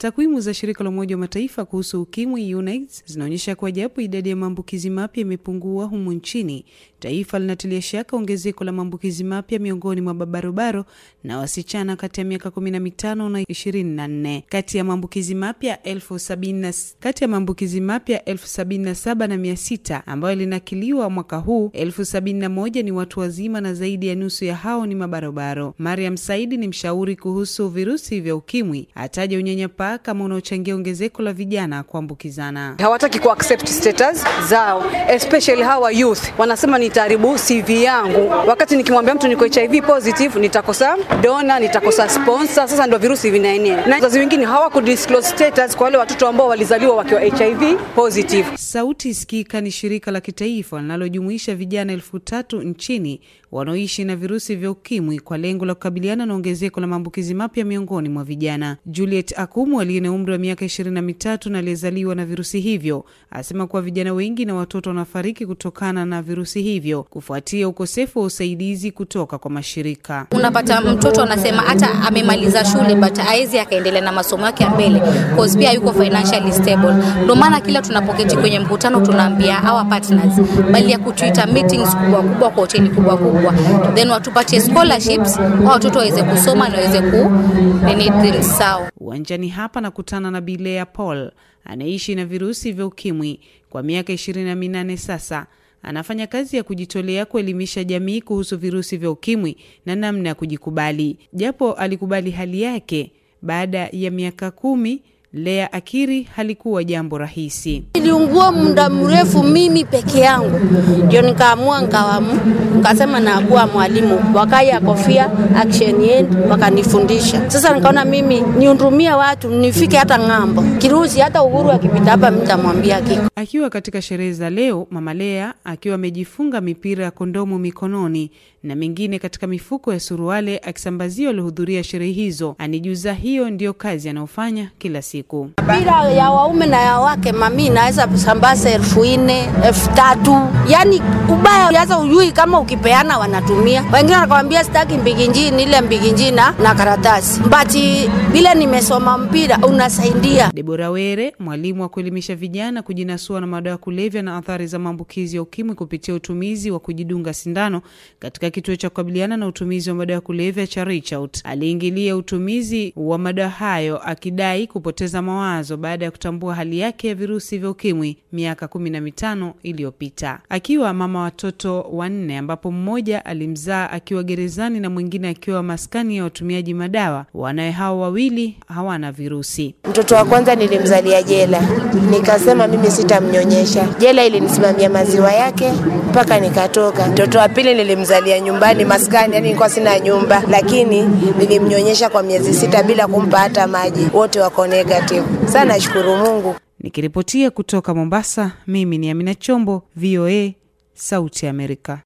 Takwimu za shirika la Umoja wa Mataifa kuhusu ukimwi UNAIDS zinaonyesha kuwa japo idadi ya maambukizi mapya imepungua humu nchini, taifa linatilia shaka ongezeko la maambukizi mapya miongoni mwa babarobaro na wasichana kati ya miaka 15 na 24. Kati ya maambukizi mapya elfu sabini kati ya maambukizi mapya elfu sabini na saba na mia sita ambayo linakiliwa mwaka huu, elfu sabini na moja ni watu wazima na zaidi ya nusu ya hao ni mabarobaro. Mariam Saidi ni mshauri kuhusu virusi vya ukimwi, ataja unyanyapa ufa kama unaochangia ongezeko la vijana kuambukizana. Hawataki ku accept status zao, especially hawa youth. Wanasema nitaharibu CV yangu, wakati nikimwambia mtu niko HIV positive nitakosa dona, nitakosa sponsor. Sasa ndio virusi vinaenea, na wazazi wengine hawaku disclose status kwa wale watoto ambao walizaliwa wakiwa HIV positive. Sauti Sikika ni shirika la kitaifa linalojumuisha vijana elfu tatu nchini wanaoishi na virusi vya ukimwi kwa lengo la kukabiliana na ongezeko la maambukizi mapya miongoni mwa vijana. Juliet Akumu Mwalimu aliye na umri wa miaka ishirini na mitatu na aliyezaliwa na virusi hivyo asema kuwa vijana wengi na watoto wanafariki kutokana na virusi hivyo kufuatia ukosefu wa usaidizi kutoka kwa mashirika. Unapata mtoto anasema hata amemaliza shule but aezi akaendelea na masomo yake ya mbele pia yuko financially stable. Ndio maana kila tunapoketi kwenye mkutano tunaambia our partners bali ya kutuita meetings kubwa kubwa kwa hoteli kubwa kubwa, then watupatie scholarships au watoto waweze kusoma na waweze ku sawa uwanjani hapa nakutana na Bilea Paul anaishi na virusi vya ukimwi kwa miaka ishirini na minane sasa. Anafanya kazi ya kujitolea kuelimisha jamii kuhusu virusi vya ukimwi na namna ya kujikubali. Japo alikubali hali yake baada ya miaka kumi Lea akiri halikuwa jambo rahisi. Niliungua muda mrefu mimi peke yangu, ndio nikaamua nkawamu, nkasema nakuwa mwalimu. Wakaya kofia action end wakanifundisha. Sasa nikaona mimi niundumia watu nifike hata ng'ambo kirusi, hata uhuru akipita hapa mtamwambia kiko. Akiwa katika sherehe za leo, mama Lea akiwa amejifunga mipira ya kondomu mikononi na mingine katika mifuko ya suruale, akisambazia waliohudhuria sherehe hizo, anijuza hiyo ndiyo kazi anayofanya kila siku siku. Bila ya waume na ya wake, mami naweza sambaza elfu nne elfu tatu yani ubaya sasa, ujui kama ukipeana wanatumia wengine. Wanakwambia sitaki mbiginji, ile mbiginji na karatasi mbati, bila nimesoma mpira unasaidia. Debora Were, mwalimu wa kuelimisha vijana kujinasua na madawa ya kulevya na athari za maambukizi ya ukimwi kupitia utumizi wa kujidunga sindano katika kituo cha kukabiliana na utumizi wa madawa ya kulevya cha Reach Out, aliingilia utumizi wa madawa hayo akidai kupoteza kupoteza mawazo baada ya kutambua hali yake ya virusi vya ukimwi miaka kumi na mitano iliyopita, akiwa mama watoto wanne, ambapo mmoja alimzaa akiwa gerezani na mwingine akiwa maskani ya watumiaji madawa. Wanawe hao wawili hawana virusi. Mtoto wa kwanza nilimzalia jela, nikasema mimi sitamnyonyesha. Jela ilinisimamia maziwa yake mpaka nikatoka. Mtoto wa pili nilimzalia nyumbani maskani, yani nilikuwa sina nyumba, lakini nilimnyonyesha kwa miezi sita bila kumpa hata maji, wote wakonega negative sana. Nashukuru Mungu. Nikiripotia kutoka Mombasa, mimi ni Amina Chombo, VOA, Sauti ya Amerika.